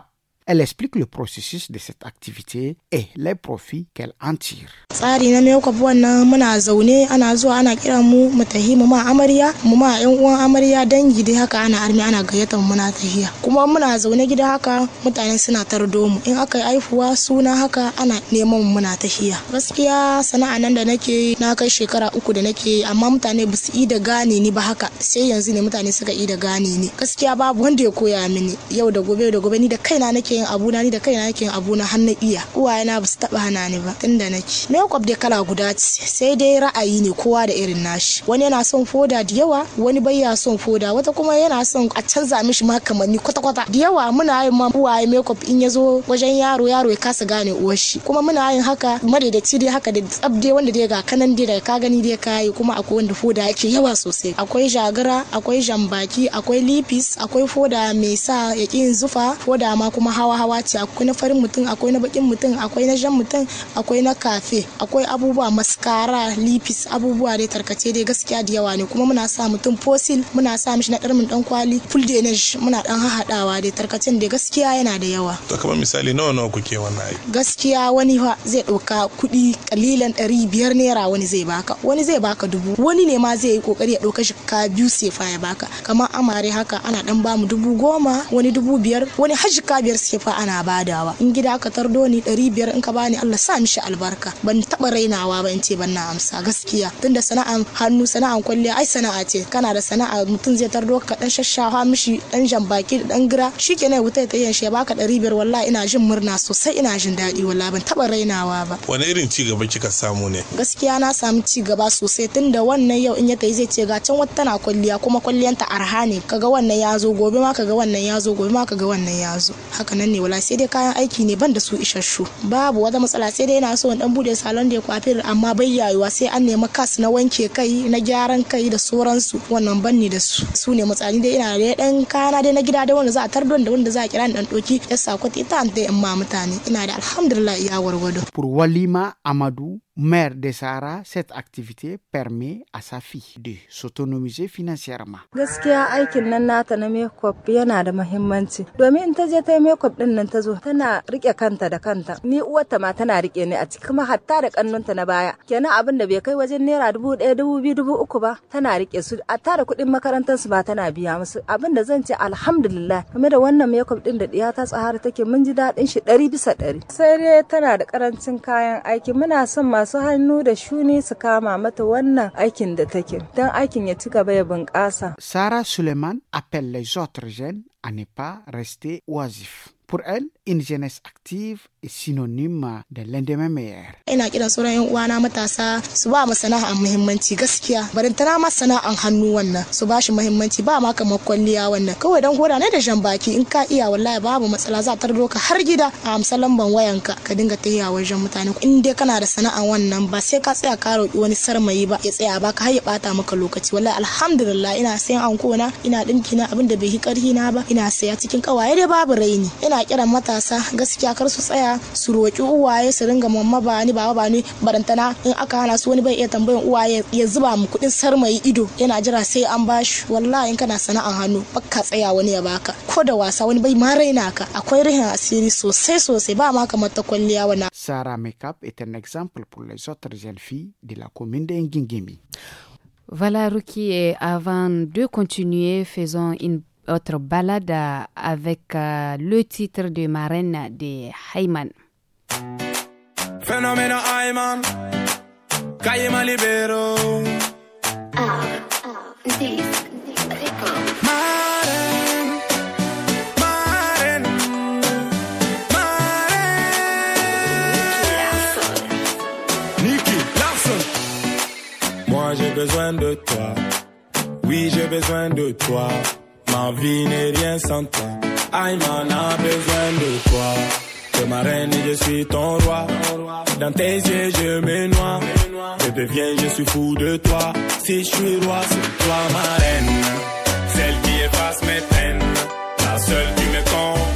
Elle explique le processus de cette activité et les profits qu'elle en tire.
Tsari na makeup wannan muna zaune ana zuwa ana kira mu mu tahi mu ma amarya mu ma yan uwan amarya dangi dai haka ana armi ana gayyata, mu muna tafiya. kuma muna zaune gida haka mutane suna tardo mu in aka yi haifuwa suna haka ana neman mu muna tafiya. gaskiya sana'a nan da nake na kai shekara uku da nake amma mutane ba yi da gane ni ba haka sai yanzu ne mutane suka yi da gane ni gaskiya babu wanda ya koya mini yau da gobe gobe ni da kaina nake nake yin na ni da kaina nake yin na har na iya uwayena ba su taba hana ni ba tunda nake makeup da kala guda ce sai dai ra'ayi ne kowa da irin nashi wani yana son foda da yawa wani ya son foda wata kuma yana son a canza mishi ma ni kwata-kwata da yawa muna yin ma uwaye makeup in ya wajen yaro yaro ya kasa gane uwar shi kuma muna yin haka madaidaci dai haka da tsab dai wanda dai ga kanan dai da ka gani dai kayi kuma akwai wanda foda yake yawa sosai akwai jagara akwai jambaki akwai lipis akwai foda mai sa yakin zufa foda ma kuma hawa hawa ce akwai na farin mutum akwai na bakin mutum akwai na jan mutum akwai na kafe akwai abubuwa maskara lipis abubuwa dai tarkace dai gaskiya da yawa ne kuma muna sa mutum fosil muna sa mishi na darmin dan kwali full drainage muna dan hahadawa dai tarkacen dai gaskiya yana da yawa
to kamar misali nawa nawa kuke wannan aiki
gaskiya wani fa zai dauka kuɗi kalilan ɗari biyar naira wani zai baka wani zai baka dubu wani ne ma zai yi kokari ya dauka shi ka biyu sefa ya baka kamar amare haka ana dan bamu dubu goma wani dubu biyar wani hajji ka biyar sai fa ana badawa in gida aka tardo ni ɗari biyar in ka bani Allah sa mishi albarka ban taɓa rainawa ba in ce ban na amsa gaskiya tunda sana'an hannu sana'an kwalliya ai sana'a ce kana da sana'a mutum zai tardo ka ɗan shashawa mishi ɗan jambaki da ɗan gira ne wuta ta yin ba baka ɗari biyar wallahi ina jin murna sosai ina jin daɗi wallahi ban taɓa rainawa ba
wani irin ci gaba kika samu ne
gaskiya na samu ci gaba sosai tunda wannan yau in ya tayi zai ce ga can wata tana kwalliya kuma kwalliyanta arha ne kaga wannan ya zo gobe ma kaga wannan ya zo gobe ma kaga wannan ya zo haka nan ne wala sai dai kayan aiki ne ban da su isassu babu wata matsala sai dai ina so in dan bude salon da kwafir amma bai yayuwa sai an nemi kas na wanke kai na gyaran kai da sauransu wannan ban ne da su su ne matsani dai ina da dan kana dai na gida da wanda za a tardon da wanda za a kira ni dan doki ya sako ita an dai in mutane ina da alhamdulillah iya
warwado furwalima amadu mère de Sahara, cette activité permet à sa de s'autonomiser financièrement.
Gaskiya aikin na nata na makeup yana da muhimmanci. Domin in ta je ta makeup ɗin nan ta zo tana rike kanta da kanta. Ni uwarta ma tana rike ne a cikin kuma da kannunta na baya. Kenan abin da bai kai wajen naira dubu ɗaya dubu biyu dubu uku ba tana rike su. Hatta da kuɗin makarantar su ba tana biya musu. Abin da zan ce alhamdulillah game da wannan makeup din da ɗiya ta tsahara take mun ji daɗin shi ɗari bisa ɗari. Sai dai tana da ƙarancin kayan aiki muna son masu masu hannu da shuni su kama mata wannan aikin da take don aikin ya ci gaba ya bunƙasa.
sara Suleiman appelle les autres jeunes à ne pas rester oisifs. Pour elle, in jeunesse active est synonyme da lendemain meilleur
ina kira sauran yan uwana matasa su ba mu sana'a muhimmanci gaskiya tana ma sana'an hannu wannan su ba shi muhimmanci ba ma kamar kwalliya wannan kawai dan hora ne da jan baki in ka iya wallahi babu matsala za ta ka har gida a amsa lamban wayan ka Ka dinga tahiya wajen mutane in dai kana da sana'a wannan ba sai ka tsaya ka roki wani sarmayi ba ya tsaya ba ka har ya bata maka lokaci wallahi alhamdulillah ina sayan anko na ina dinki na abin da bai hi karhi na ba ina saya cikin kawaye dai babu raini ina kiran mata matasa gaskiya kar su tsaya su roƙi uwaye su ringa mamma ba ni baba ba ni barantana in aka hana su wani bai iya tambayan uwaye ya zuba mu kuɗin mai ido yana jira sai an bashi wallahi in kana sana'a hannu baka tsaya wani ya baka ko da wasa wani bai ma raina ka akwai rihin asiri sosai
sosai ba ma kamar ta kwalliya wani. Sarah Makeup est un exemple pour les autres jeunes filles de la commune de Ngingimi. Voilà Ruki et avant de continuer,
faisons une autre balade avec euh, le titre de Marraine de Hayman.
Phénomène Hayman, Kayema Libero. Moi j'ai besoin de toi, oui j'ai besoin de toi. Ma vie n'est rien sans toi. Aïman a besoin de toi. Tu ma reine et je suis ton roi. Dans tes yeux, je me noie. Je deviens, je suis fou de toi. Si je suis roi, c'est toi ma reine. Celle qui efface mes peines. La seule qui me compte.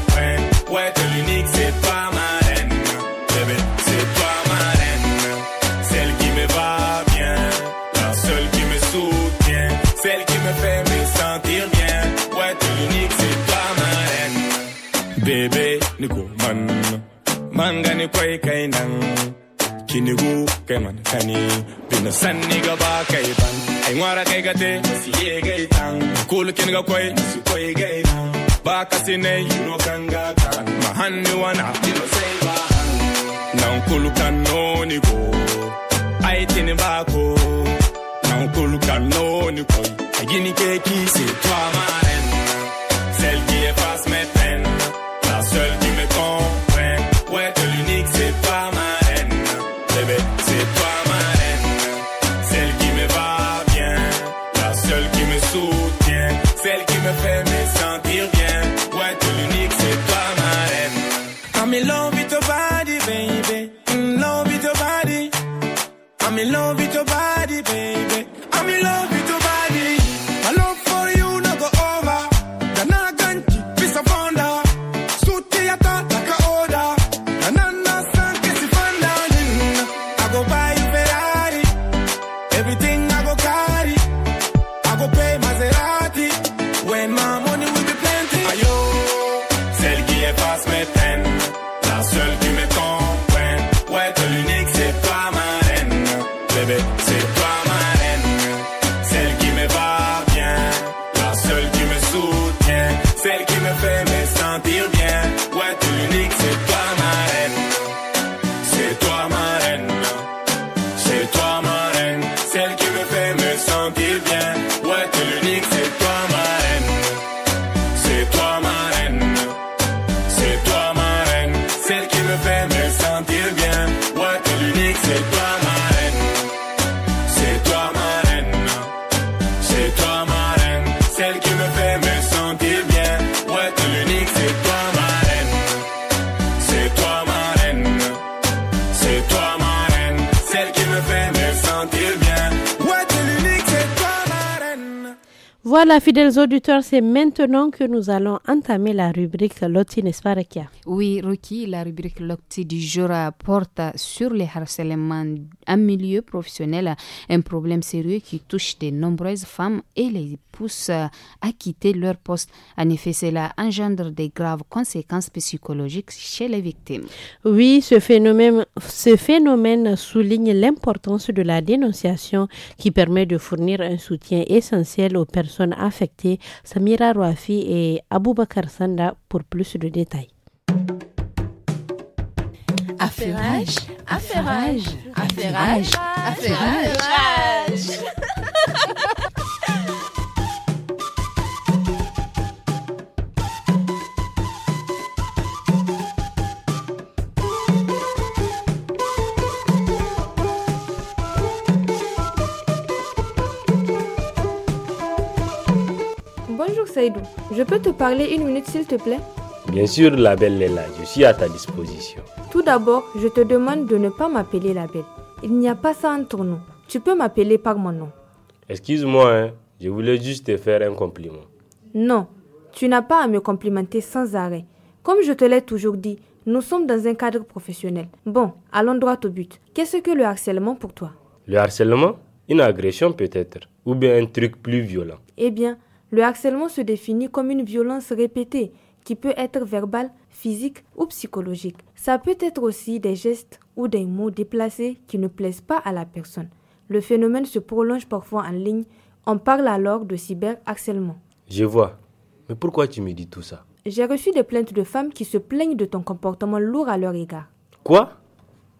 nigo man man gani kwai kai nan ki nigo kai man kani bina san ni ga ba kai ban ai ngwara kai ga te si ye gai tan kul kin ga kwai si kwai gai nan ba ka sine you know kan ga kan mahan ni wana dino sai ba nan kul kan no nigo ai tin ba ko nan kul kan no nigo ai gini ke ki se toi ma reine celle qui efface mes
Voilà, fidèles auditeurs, c'est maintenant que nous allons
entamer la rubrique Lotti, n'est-ce pas, Oui, Ruki, la rubrique Lotti du jour porte sur les harcèlements en milieu professionnel, un problème sérieux qui touche de nombreuses femmes et les pousse à quitter leur poste. En effet, cela engendre des graves conséquences psychologiques chez les victimes. Oui, ce phénomène, ce phénomène souligne l'importance de la
dénonciation qui permet de fournir un soutien essentiel aux personnes affectée, Samira Rouafi et Aboubakar Sanda pour plus de détails.
je peux te parler une minute s'il te plaît
Bien sûr, la belle là je suis à ta disposition.
Tout d'abord, je te demande de ne pas m'appeler la belle. Il n'y a pas ça entre nous. Tu peux m'appeler par mon nom.
Excuse-moi, hein, je voulais juste te faire un compliment.
Non, tu n'as pas à me complimenter sans arrêt. Comme je te l'ai toujours dit, nous sommes dans un cadre professionnel. Bon, allons droit au but. Qu'est-ce que le harcèlement pour toi
Le harcèlement Une agression peut-être, ou bien un truc plus violent.
Eh bien, le harcèlement se définit comme une violence répétée qui peut être verbale, physique ou psychologique. Ça peut être aussi des gestes ou des mots déplacés qui ne plaisent pas à la personne. Le phénomène se prolonge parfois en ligne. On parle alors de cyberharcèlement.
Je vois. Mais pourquoi tu me dis tout ça
J'ai reçu des plaintes de femmes qui se plaignent de ton comportement lourd à leur égard.
Quoi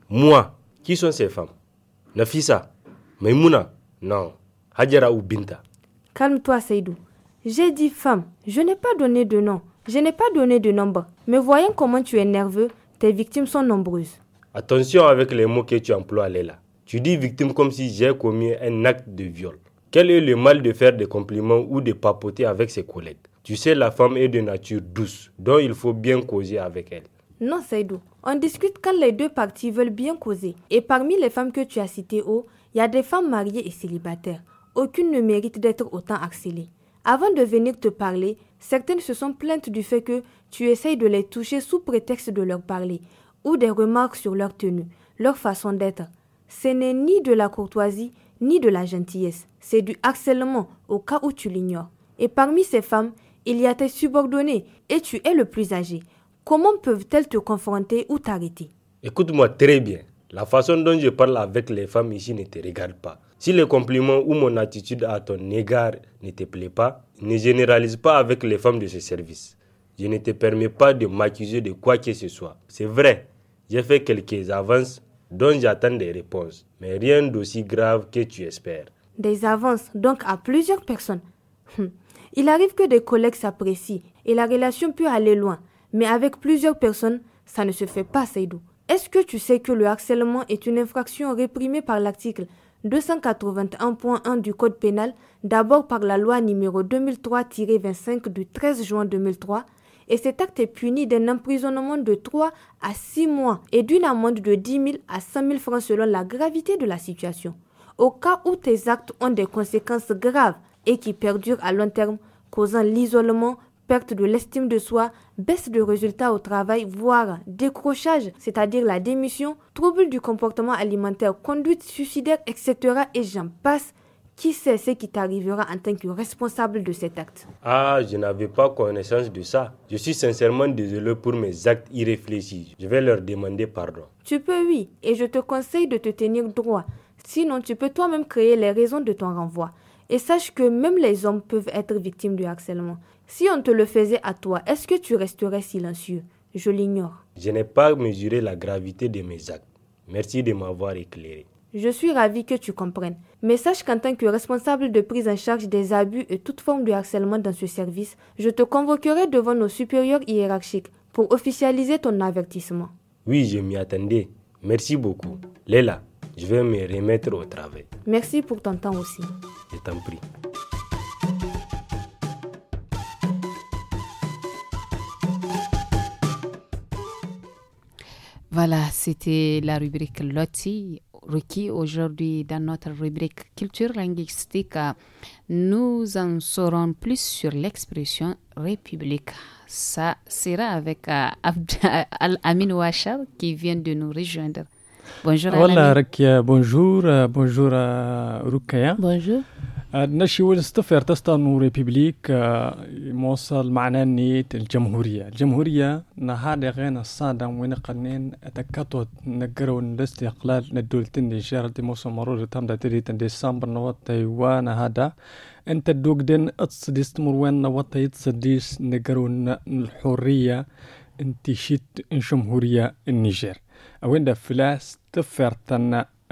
Moi Qui sont ces femmes Nafisa Maimouna Non. Hadjara ou Binta
Calme-toi, Seydou. J'ai dit femme, je n'ai pas donné de nom, je n'ai pas donné de nombre. Mais voyons comment tu es nerveux, tes victimes sont nombreuses.
Attention avec les mots que tu emploies, Léla. Tu dis victime comme si j'ai commis un acte de viol. Quel est le mal de faire des compliments ou de papoter avec ses collègues Tu sais, la femme est de nature douce, donc il faut bien causer avec elle.
Non, c'est doux. On discute quand les deux parties veulent bien causer. Et parmi les femmes que tu as citées haut, il y a des femmes mariées et célibataires. Aucune ne mérite d'être autant axelée. Avant de venir te parler, certaines se sont plaintes du fait que tu essayes de les toucher sous prétexte de leur parler, ou des remarques sur leur tenue, leur façon d'être. Ce n'est ni de la courtoisie, ni de la gentillesse, c'est du harcèlement au cas où tu l'ignores. Et parmi ces femmes, il y a tes subordonnées et tu es le plus âgé. Comment peuvent-elles te confronter
ou t'arrêter Écoute-moi très bien. La façon dont je parle avec les femmes ici ne te regarde pas. Si le compliment ou mon attitude à ton égard ne te plaît pas, ne généralise pas avec les femmes de ce service. Je ne te permets pas de m'accuser de quoi que ce soit. C'est vrai, j'ai fait quelques avances dont j'attends des réponses, mais rien d'aussi grave que tu espères.
Des avances, donc à plusieurs personnes. Hum. Il arrive que des collègues s'apprécient et la relation peut aller loin, mais avec plusieurs personnes, ça ne se fait pas, Seydou. Est-ce que tu sais que le harcèlement est une infraction réprimée par l'article 281.1 du Code pénal, d'abord par la loi numéro 2003-25 du 13 juin 2003, et cet acte est puni d'un emprisonnement de 3 à 6 mois et d'une amende de 10 000 à 100 000 francs selon la gravité de la situation. Au cas où tes actes ont des conséquences graves et qui perdurent à long terme, causant l'isolement, perte de l'estime de soi, baisse de résultats au travail, voire décrochage, c'est-à-dire la démission, troubles du comportement alimentaire, conduite suicidaire, etc. et j'en passe. Qui sait ce qui t'arrivera en tant que responsable de cet acte
Ah, je n'avais pas connaissance de ça. Je suis sincèrement désolé pour mes actes irréfléchis. Je vais leur demander pardon.
Tu peux, oui, et je te conseille de te tenir droit. Sinon, tu peux toi-même créer les raisons de ton renvoi. Et sache que même les hommes peuvent être victimes du harcèlement. Si on te le faisait à toi, est-ce que tu resterais silencieux Je l'ignore.
Je n'ai pas mesuré la gravité de mes actes. Merci de m'avoir éclairé.
Je suis ravi que tu comprennes. Mais sache qu'en tant que responsable de prise en charge des abus et toute forme de harcèlement dans ce service, je te convoquerai devant nos supérieurs hiérarchiques pour officialiser ton avertissement.
Oui, je m'y attendais. Merci beaucoup. Léla, je vais me remettre au travail.
Merci pour ton temps aussi.
Je t'en prie.
Voilà, c'était la rubrique Lotti Ruki, aujourd'hui, dans notre rubrique culture linguistique, nous en saurons plus sur l'expression république. Ça sera avec euh, <laughs> amin Ouachar qui vient de nous rejoindre. Bonjour Voilà,
bonjour. Euh, bonjour à euh, Bonjour. نشيول ستفر تستانو ريبيبليك آه، موصل معنا نيت الجمهورية الجمهورية نهار غينا الصادم وين قنين اتكتوت نقرو الاستقلال ندولتن نيجير دي موسم مرور تمدا تريتن ديسمبر نوات تايوان هذا انت دوقدن اتصديست مروان نوات يتصديس نقرو الحرية انت شيت جمهورية النيجير دا فلاس تفر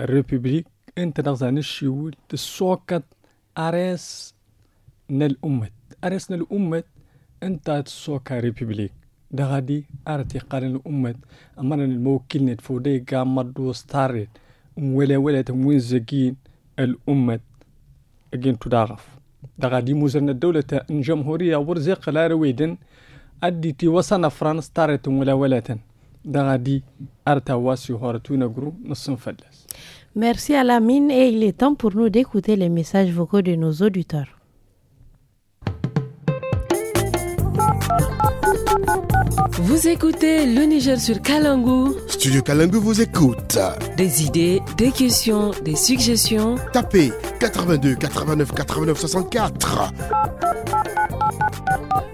ريبيبليك انت نغزان الشيول تسوكت أرسنا الأمة أرسنا الأمة أنت تسوكا ريبيبليك ده غادي أرتي قارن الأمة أمرنا الموكلنا تفودي قامدو ستارت ولا ولا تموين زقين الأمة أجين تداغف ده غادي موزرنا الدولة الجمهورية جمهورية ورزق لا رويدن أدي تي وصنا فرانس تارت ولا ولا ده غادي أرتا واسي هورتونا جرو نصن فلس
Merci à la mine et il est temps pour nous d'écouter les messages vocaux de nos auditeurs.
Vous écoutez le Niger sur Kalangu.
Studio Kalangu vous écoute.
Des idées, des questions, des suggestions. Tapez 82 89 89 64.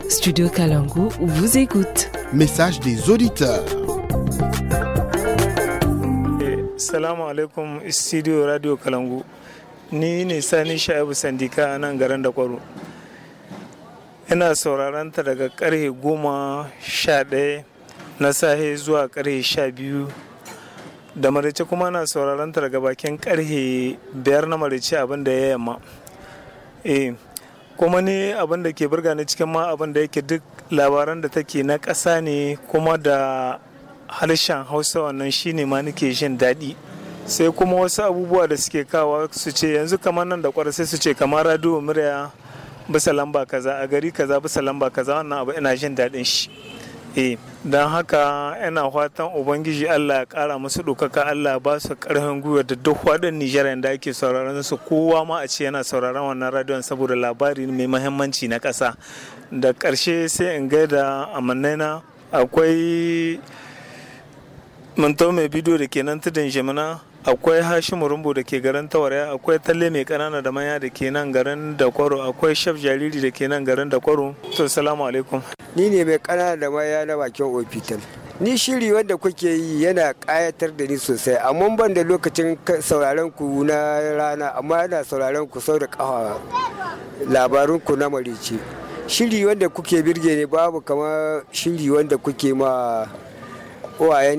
Studio Kalangu vous écoute. Message des auditeurs.
Salamu alaikum studio Radio Kalangu. Ni ne Sani Sha'ibu Sandika nan garin da kwaro. Ina sauraron ta daga karhe goma sha ɗaya na sahe zuwa karhe sha biyu da marice kuma na sauraron ta daga bakin karhe biyar na marice abin da ya yamma. E kuma ne abin da ke burga ni cikin ma abin da yake duk labaran da take na ƙasa ne kuma da harshen hausa wannan shine ma nake jin daɗi sai kuma wasu abubuwa da suke kawa su ce yanzu kamar nan da kwara sai su ce kamar radio murya bisa lamba kaza a gari kaza bisa lamba kaza wannan abu ina jin daɗin shi eh don haka ina fatan ubangiji allah ya kara musu ɗaukaka allah ba su ƙarfin gwiwa da duk waɗin nijar da ake sauraron su kowa ma a ce yana sauraron wannan radiyon saboda labari mai mahimmanci na ƙasa da ƙarshe sai in gaida amannena akwai Mantau mai bidiyo da ke nan tudun Jimina akwai Hashimu Rumbu da ke garin Tawarya akwai Talle mai kanana da maya da ke nan garin da kwaro akwai Shaf Jariri da ke nan garin da kwaro to salamu alaikum ni ne mai kanana da maya na bakin ofital ni shiri wanda kuke yi yana kayatar da ni sosai amma ban da lokacin sauraron ku na rana
amma yana sauraron ku sau da kafa labarun ku na marici shiri wanda kuke birge ne babu kamar shiri wanda kuke ma Voilà,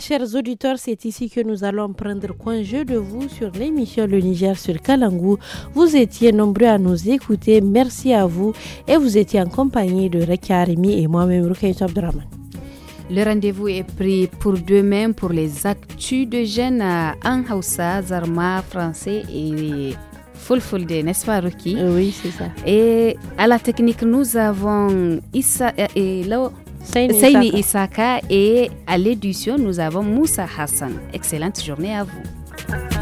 chers auditeurs, c'est ici que nous allons prendre congé de vous sur l'émission Le Niger sur Kalangou. Vous étiez nombreux à nous écouter. Merci à vous. Et vous étiez en compagnie de Rekia Arimi et moi-même, Rukai Abdraman.
Le rendez-vous est pris pour demain pour les actus de jeunes en Hausa, Zarma, français et Fulfulde, n'est-ce pas, Ruki Oui, c'est ça. Et à la technique, nous avons Issa euh, et Saini Isaka et à l'édition, nous avons Moussa Hassan. Excellente journée à vous.